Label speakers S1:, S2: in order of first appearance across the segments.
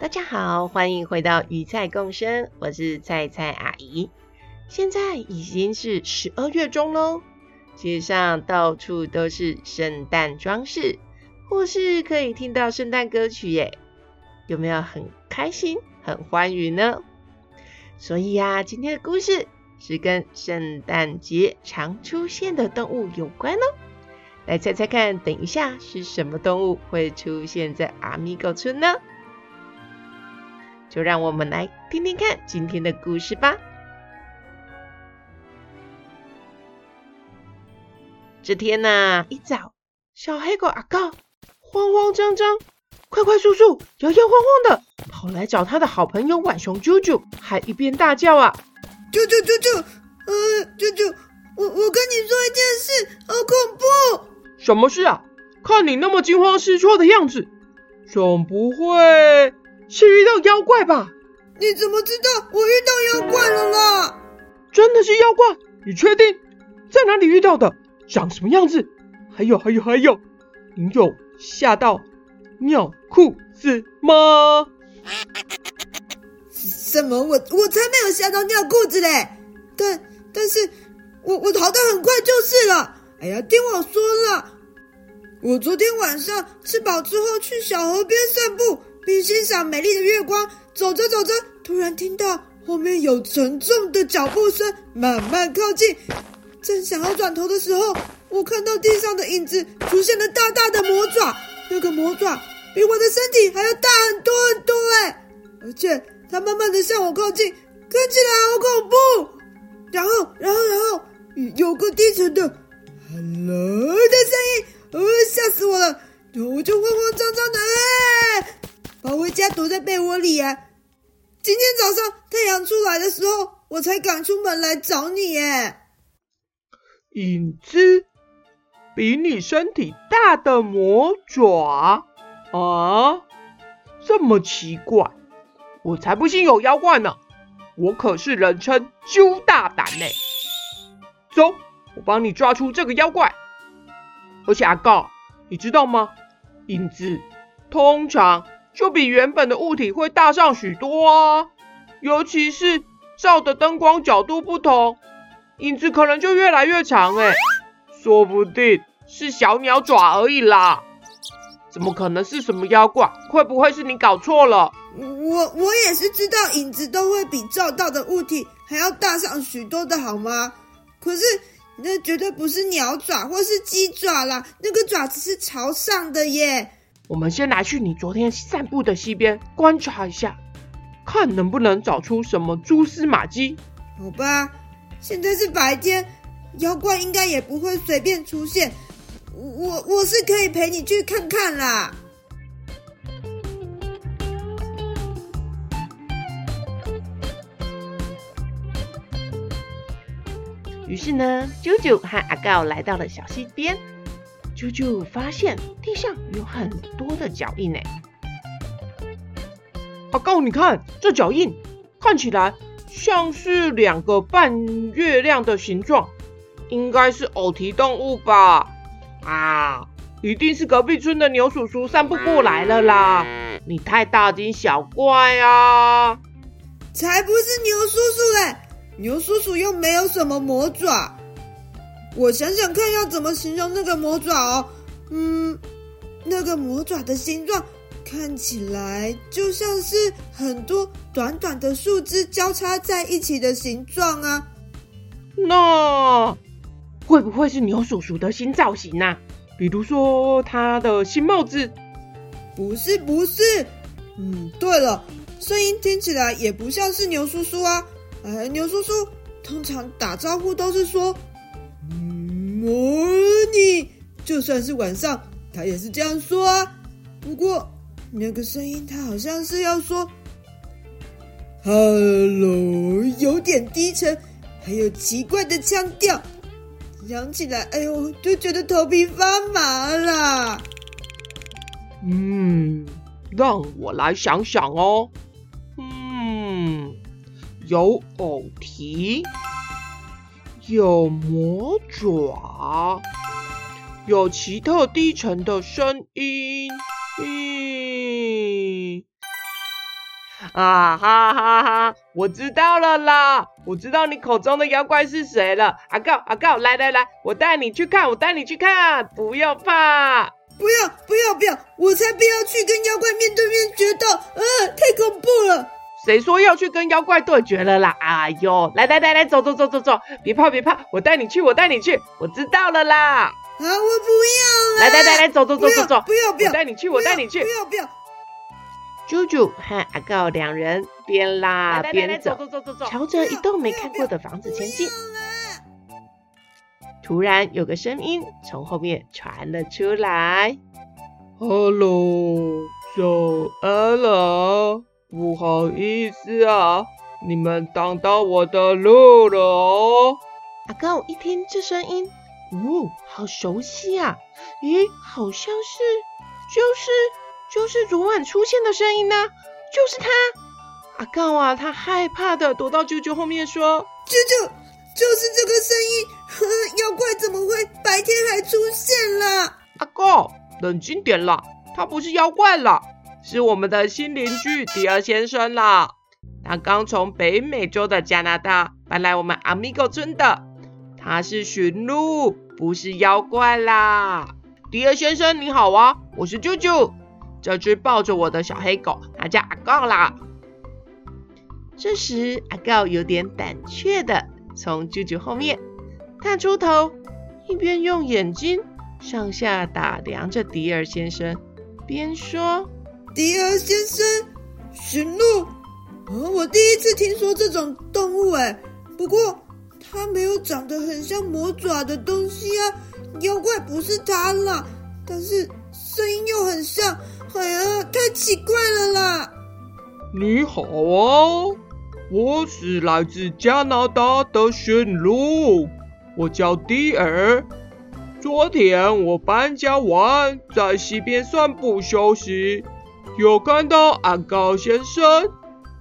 S1: 大家好，歡迎回到魚菜共聲，我是菜菜阿姨。現在已經是十二月中嘍，街上到處都是聖誕裝飾，或是可以聽到聖誕歌曲耶，有沒有很開心、很歡愉呢？所以呀、啊，今天的故事是跟聖誕節常出現的動物有關哦。來猜猜看，等一下是什麼動物會出現在 AMIGO 村呢？就讓我們來聽聽看今天的故事吧。這天呢，一早，小黑狗阿高慌慌張張、快快速速、搖搖晃晃的跑來找他的好朋友浣熊啾啾，
S2: 還一邊大叫啊：“啾啾啾啾，呃，啾啾，我我跟你說一件事，好恐怖！什麼事啊？看你那麼驚慌失措的樣子，總不會……”是遇到妖怪吧？你怎麼知道我遇到妖怪了啦？真的是妖怪？你確定？在哪裡遇到的？長什麼樣子？還有還有還有，你有嚇到尿褲子嗎？什麼？
S3: 我我才沒有嚇到尿褲子嘞！但但是，我我逃得很快就是了。哎呀，聽我說了，我昨天晚上吃飽之後去小河邊散步。並欣賞美麗的月光。走着走着，突然聽到後面有沉重的腳步聲慢慢靠近。正想要轉頭的時候，我看到地上的影子出現了大大的魔爪。那個魔爪比我的身體還要大很多很多哎，欸！而且它慢慢的向我靠近，看起來好恐怖。然後，然後，然後有個低沉的 “hello” 的聲音，呃，嚇死我了！我就慌慌張張的哎，欸跑回家躲在被窩裡、啊。今天早上太陽出來的時候，我才敢出門來找你、欸。哎，
S2: 影子比你身體大的魔爪啊，這麼奇怪，我才不信有妖怪呢。我可是人稱啾大膽呢、欸。走，我幫你抓出這個妖怪。而且阿告，你知道嗎？影子通常就比原本的物體會大上許多啊，尤其是照的燈光角度不同，影子可能就越來越長哎、欸，說不定是小鳥爪而已啦，怎麼可能是什麼妖怪？會不會是你搞錯了？我我也是知道影子都
S3: 會比照到的物體還要大上許多的好嗎？可是那絕對不是鳥爪或是雞爪啦，那個爪子是朝上的耶。我
S2: 們先來去你昨天散步的溪邊觀察一下，看能不能找出什麼蛛絲馬跡。好吧，現在是白天，妖怪應
S3: 該也不會隨便出現。我我是可以陪你去看看啦。
S1: 於是呢，啾啾和阿高來到了小溪邊。啾啾，我發現地上有很多的腳印呢、欸。阿高，你看這腳印，看
S2: 起來像是兩個半月亮的形狀，應該是偶蹄動物吧？啊，一定是隔壁村的牛叔叔散步過來了啦！你
S1: 太大驚小
S2: 怪啊！才
S3: 不是牛叔叔嘞、欸，牛叔叔又沒有什麼魔爪。我想想看，要怎麼形容那個魔爪哦。嗯，那個魔爪的形狀看起來就像是很多短短的樹枝交叉在一起的形狀啊。
S2: 那會不會是牛叔叔的新造型呢？比如說他的新帽子？不是，不是。嗯，對了，聲音聽起來也不像是
S3: 牛叔叔啊。哎，呃，牛叔叔通常打招呼都是說。Morning，就算是晚上，他也是這樣說啊。不過那個聲音，他好像是要說 “hello”，有點低沉，還有奇怪的腔調，想起來，哎呦，就覺得頭皮發麻啦。
S2: 嗯，讓我來想想哦。嗯，有偶蹄。有魔爪，有奇特低沉的聲音，欸、啊哈哈哈！我知道了啦，我知道你口中的妖怪是誰了。阿告阿告，來來來，我帶你去看，我帶你去看，不要怕，不要不要不要，我才
S1: 不要去跟妖怪面對面決鬥，呃，太恐怖了。誰說要去跟妖怪對決了啦？哎喲，來來來來，走走走走走，別怕別怕，我帶你去，我帶你去，我知道了啦。啊，我不要了，來來來來，走要走走走走，不要不要，我帶你去，要我帶你去，不要不要。啾啾和阿告兩人邊拉邊走，朝着一棟沒看過的房子前進。突然有個聲音從後面傳了出來：“Hello，小 Hello。”不好意思啊，
S2: 你們擋到我的路了哦。阿高一聽這聲音，
S1: 哦，好熟悉啊！咦，好像是，就是，就是昨晚出現的聲音呢、啊，就是他。阿高啊，他害
S2: 怕的躲到舅舅後面說：“
S3: 舅舅，就是這個聲音，呵，妖怪
S2: 怎麼會白天還出現了？”阿高，
S1: 冷靜點啦，
S2: 他不是妖怪啦。是我們的新鄰居迪爾先生啦！他剛從北美洲的加拿大搬來我們 AMIGO 村的。他是馴鹿，不是妖怪啦。迪爾先生你好啊，我是啾啾，
S1: 這隻抱着我的小黑狗，它叫阿告啦。這時阿告有點膽怯地從啾啾後面探出頭，一邊用眼睛上下打量着迪爾先生，邊
S3: 說。迪爾先生，馴鹿、哦，我第一次聽說這種動物哎。不過它沒有長得很像魔爪的東西啊，妖怪不是它啦。但是聲音又很像，海、哎、啊，太奇怪了啦！
S2: 你好啊、哦，我是來自加拿大的馴鹿，我叫迪爾。昨天我搬家完，在溪邊散步休息。有看到阿高先生，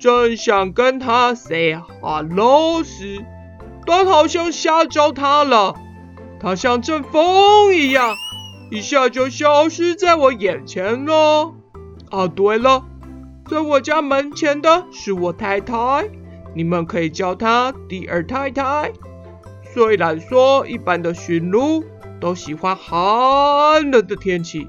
S2: 正想跟他 say hello 時，但好像嚇着他了。他像陣風一樣，一下就消失在我眼前了。啊，對了，在我家門前的是我太太，你們可以叫她第二太太。雖然說一般的馴鹿都喜歡寒冷的天氣，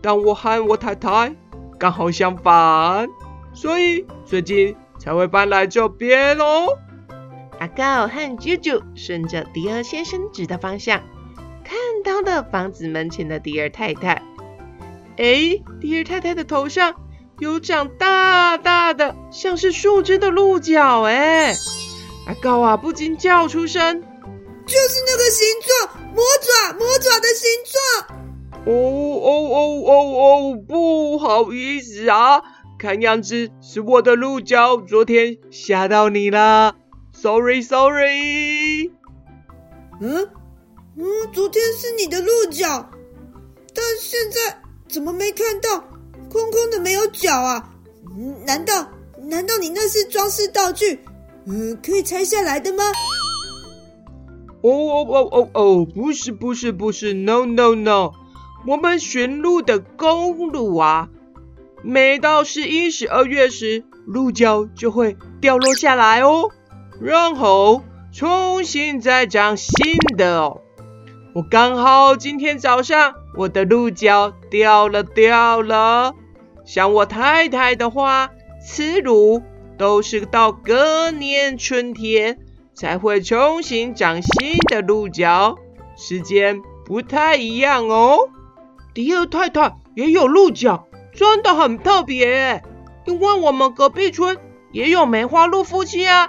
S2: 但我喊我太
S1: 太剛好相反，所以最近才會搬來這邊哦。阿高和啾啾順着迪爾先生指的方向，看到了房子門前的迪爾太太。哎，迪爾太太的頭上有長大大的，像是樹枝的鹿角。
S2: 哎，阿高啊，不禁叫出聲：“就是那個形狀，魔爪，魔爪的形狀。”哦哦哦哦哦，不好意思啊！看樣子是我的鹿角昨天嚇到你啦，sorry sorry。嗯
S3: 嗯，昨天是你的鹿角，但現在怎麼沒看到？空空的沒有角啊？難道難道你那是裝飾道具？
S2: 嗯，可以拆下來的嗎？哦哦哦哦哦，不是不是不是，no no no, no。No, no, no. 我們馴鹿的公鹿啊，每到十一、十二月時，鹿角就會掉落下來哦，然後重新再長新的哦。我剛好今天早上，我的鹿角掉了掉了。像我太太的話，雌鹿都是到隔年春天才會重新長新的鹿角，時間不太一樣哦。迪爾太太也有鹿角，真的很特別。因為我們隔壁村也有梅花鹿夫妻啊，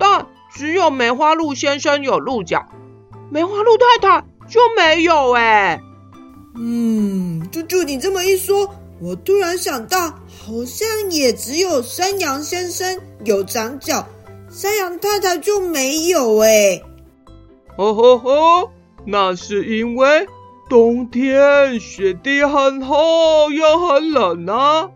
S2: 但只有梅花鹿先生有鹿角，梅花鹿太太就沒有哎。嗯，啾啾你這麼一說，我
S3: 突然想到，好像也只有山羊先生有長角，山羊太太就沒有哎，
S2: 哦。哦吼吼，哦，那是因為。冬天雪地很厚又很冷啊，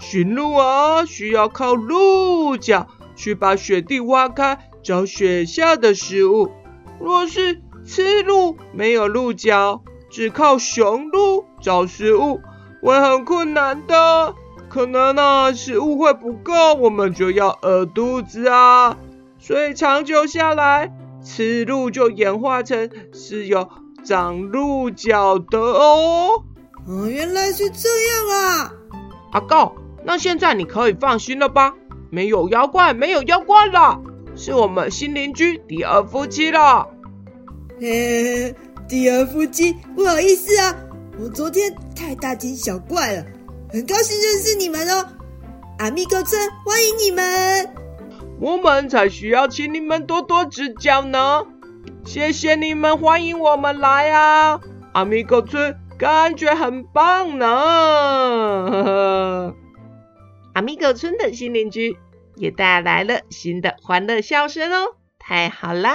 S2: 馴鹿啊需要靠鹿角去把雪地挖開找雪下的食物。若是雌鹿沒有鹿角，只靠雄鹿找食物會很困難的，可能呢、啊、食物會不夠，我們就要餓肚子啊。所以長久下來，雌鹿就演化成是有。長鹿角的哦，哦，原來是這樣啊！阿告，那現在你可以放心了吧？沒有妖怪，沒有妖怪啦，是我們新鄰居迪爾夫妻啦，嘿嘿，
S3: 迪爾夫妻，不好意思啊，我昨天太大驚小怪了。很
S2: 高興認識你們哦，阿密高村歡迎你們，我們才需要請你們多多指教呢。謝謝你們，歡迎我們
S1: 來啊！阿米狗村感覺很棒呢，呵呵，阿米狗村的新鄰居也帶來了新的歡樂笑聲哦，太好啦！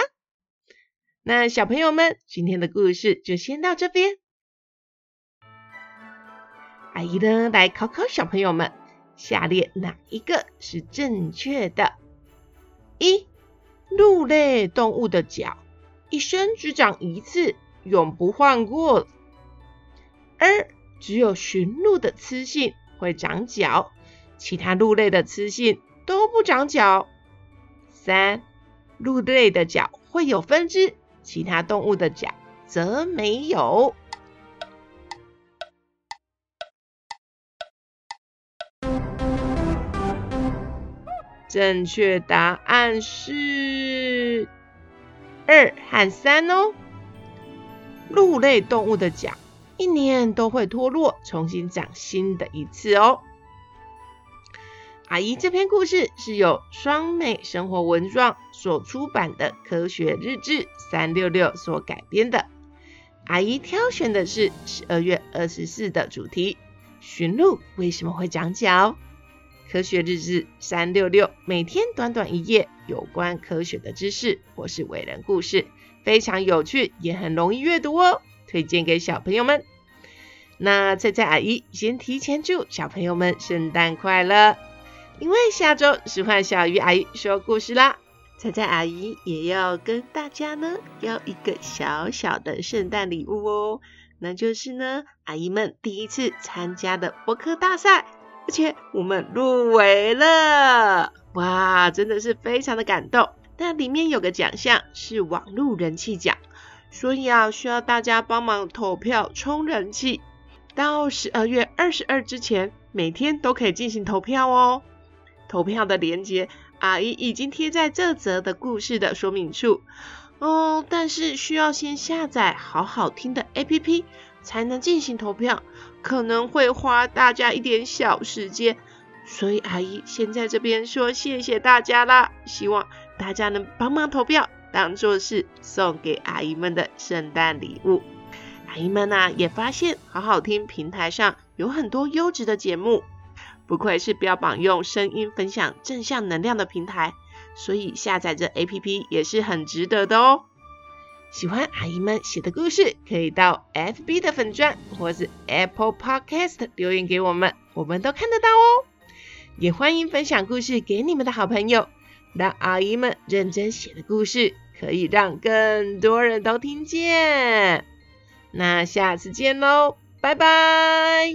S1: 那小朋友們，今天的故事就先到這邊。阿姨呢，來考考小朋友們，下列哪一個是正確的？一，鹿類動物的腳一生只長一次，永不換過。二，只有馴鹿的雌性會長角，其他鹿類的雌性都不長角。三，鹿類的角會有分支，其他動物的角則沒有。正確答案是。二和三哦，鹿類動物的角一年都會脫落，重新長新的一次哦。阿姨這篇故事是由雙美生活文創所出版的《科學日志三六六》所改編的。阿姨挑選的是十二月二十四的主題：馴鹿為什麼會長角？科學日誌三六六，每天短短一頁有關科學的知識或是偉人故事，非常有趣，也很容易閱讀哦，推薦給小朋友們。那菜菜阿姨先提前祝小朋友們聖誕快樂，因為下周是換小魚阿姨說故事啦，菜菜阿姨也要跟大家呢要一個小小的聖誕禮物哦，那就是呢阿姨們第一次參加的播客大賽。而且我們入圍了，哇，真的是非常的感動。但裡面有個獎項是網路人氣獎，所以啊，需要大家幫忙投票衝人氣。到十二月二十二之前，每天都可以進行投票哦。投票的連結，阿姨已經貼在這則的故事的說明處。哦，但是需要先下載好好聽的 APP 才能進行投票。可能會花大家一點小時間，所以阿姨先在這邊說謝謝大家啦，希望大家能幫忙投票，當作是送給阿姨們的聖誕禮物。阿姨們呢、啊、也發現好好聽平台上有很多優質的節目，不愧是標榜用聲音分享正向能量的平台，所以下載這 APP 也是很值得的哦。喜歡阿姨們寫的故事，可以到 FB 的粉專或是 Apple Podcast 留言給我們，我們都看得到哦。也歡迎分享故事給你們的好朋友，讓阿姨們認真寫的故事，可以讓更多人都聽見。那下次見嘍，拜拜。